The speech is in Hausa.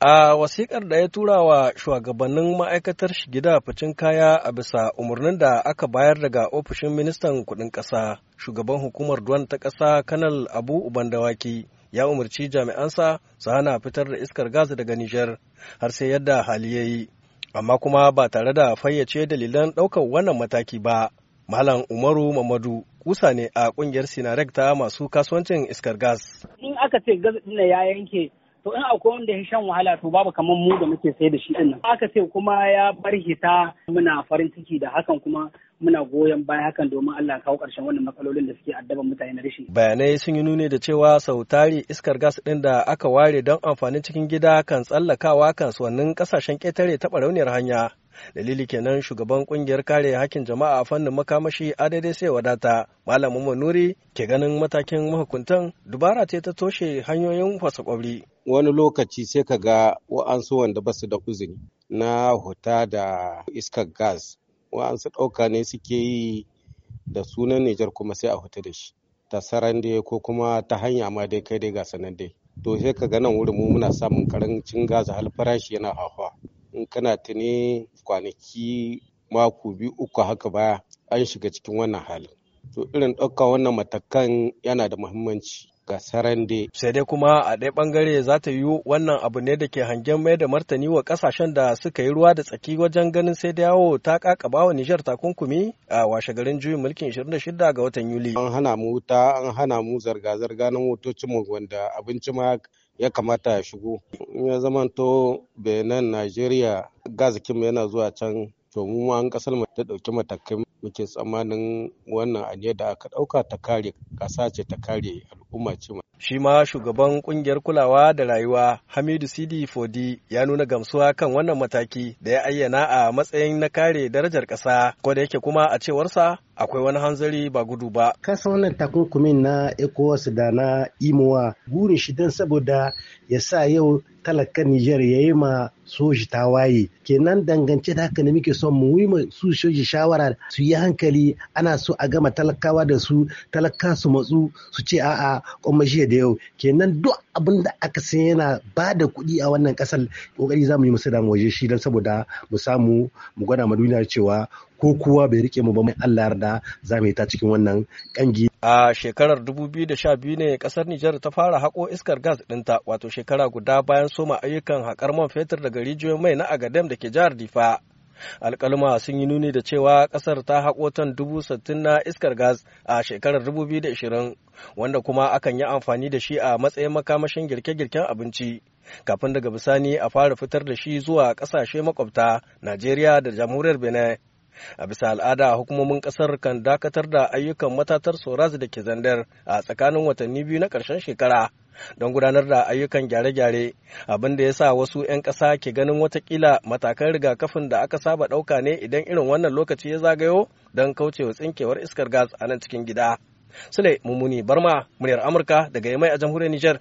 A wasikar da ya tura wa shugabannin ma'aikatar shigida ficin kaya a bisa umarnin da aka bayar daga ofishin ministan kudin ƙasa, shugaban hukumar duwan ta ƙasa kanal Abu Ubandawaki ya umarci jami'ansa su hana fitar da iskar gas daga Nijar har sai yadda hali ya yi, amma kuma ba tare da fayyace dalilan ɗaukar wannan mataki ba. Malam Umaru Mamadu kusa ne a ƙungiyar Sinarek ta masu kasuwancin iskar gas. In aka ce gas ɗin ya yanke to in akwai wanda ya shan wahala to babu kamar mu da muke sai da shi din nan aka ce kuma ya bar muna farin ciki da hakan kuma muna goyon baya, hakan domin Allah kawo ƙarshen wannan matsalolin da suke addaban mutane na rashi bayanai sun yi nuni da cewa sau tari iskar gas din da aka ware don amfanin cikin gida kan tsallakawa kan kasuwannin kasashen ƙetare ta barauniyar hanya dalili kenan shugaban kungiyar kare hakkin jama'a a fannin makamashi adade sai wadata malamin manuri ke ganin matakin mahukuntan dubara ce ta toshe hanyoyin fasa kwabri wani lokaci sai ka ga wa'ansu wanda ba su da uzuri na huta da iskar gas wa'ansu ɗauka ne suke yi da sunan nijar kuma sai a huta da shi ta sarande ko kuma ta hanya ma dai kai dai ga sanan dai to sai ka ga nan wurin mu muna samun karancin gas har farashi yana hawa in kana tuni kwanaki mako biyu uku haka baya an shiga cikin wannan halin to irin ɗauka wannan matakan yana da muhimmanci ga sarande. Sai dai kuma a ɗaya ɓangare za ta yiwu wannan abu ne da ke hangen mai da martani wa ƙasashen da suka yi ruwa da tsaki wajen ganin sai da yawo ta ƙaƙaba wa Nijar takunkumi a washe garin juyin mulkin 26 ga watan Yuli. An hana mu wuta, an hana mu zarga-zarga na motocin mu wanda abinci ma ya kamata ya shigo in ya zama to benin nigeria gazikin yana zuwa can to mu an kasar mu ta dauki matakai muke tsammanin wannan aniyar da aka dauka ta kare kasa ce ta kare al'umma ce Shi ma shugaban kungiyar kulawa da rayuwa Hamidu Sidi Fodi ya nuna gamsuwa kan wannan mataki da ya ayyana a matsayin na kare darajar ƙasa, ko da yake kuma a cewarsa akwai wani hanzari ba gudu ba. Kasa wannan takunkumin na ECOWAS da na imowa burin shi don saboda ya sa yau talakan Nijar ya yi ma soji ta waye kenan dangance da haka ne muke son mu yi su soji shawara su yi hankali ana so a gama talakawa da su talaka su matsu su ce a'a kuma jiya da yau kenan duk abin da aka san yana ba da kuɗi a wannan ƙasar kokari za mu yi musu da waje shi don saboda mu samu mu gwada ma cewa ko kowa bai rike mu ba mai Allah yarda za mu yi ta cikin wannan kangi. A shekarar 2012 ne kasar Nijar ta fara haƙo iskar gas ɗinta wato shekara guda bayan soma ayyukan haƙar man fetur daga rijiyoyin mai na Agadem da ke jihar Difa. Alkaluma sun yi nuni da cewa ƙasar ta haƙo tan dubu sittin na iskar gas a shekarar 2020 wanda kuma akan yi amfani da shi a matsayin makamashin girke-girken abinci kafin daga bisani a fara fitar da shi zuwa ƙasashe makwabta najeriya da jamhuriyar benin a bisa al'ada hukumomin kasar kan dakatar da ayyukan matatar soraz da ke zandar a tsakanin watanni biyu na ƙarshen shekara don gudanar da ayyukan gyare-gyare abin da ya sa wasu 'yan ƙasa ke ganin watakila matakan rigakafin da aka saba ɗauka ne idan irin wannan lokaci ya zagayo don kaucewa tsinkewar iskar gas a nan cikin gida. Sule Mumuni Barma, muryar Amurka daga Yamai a jamhuriyar Nijar.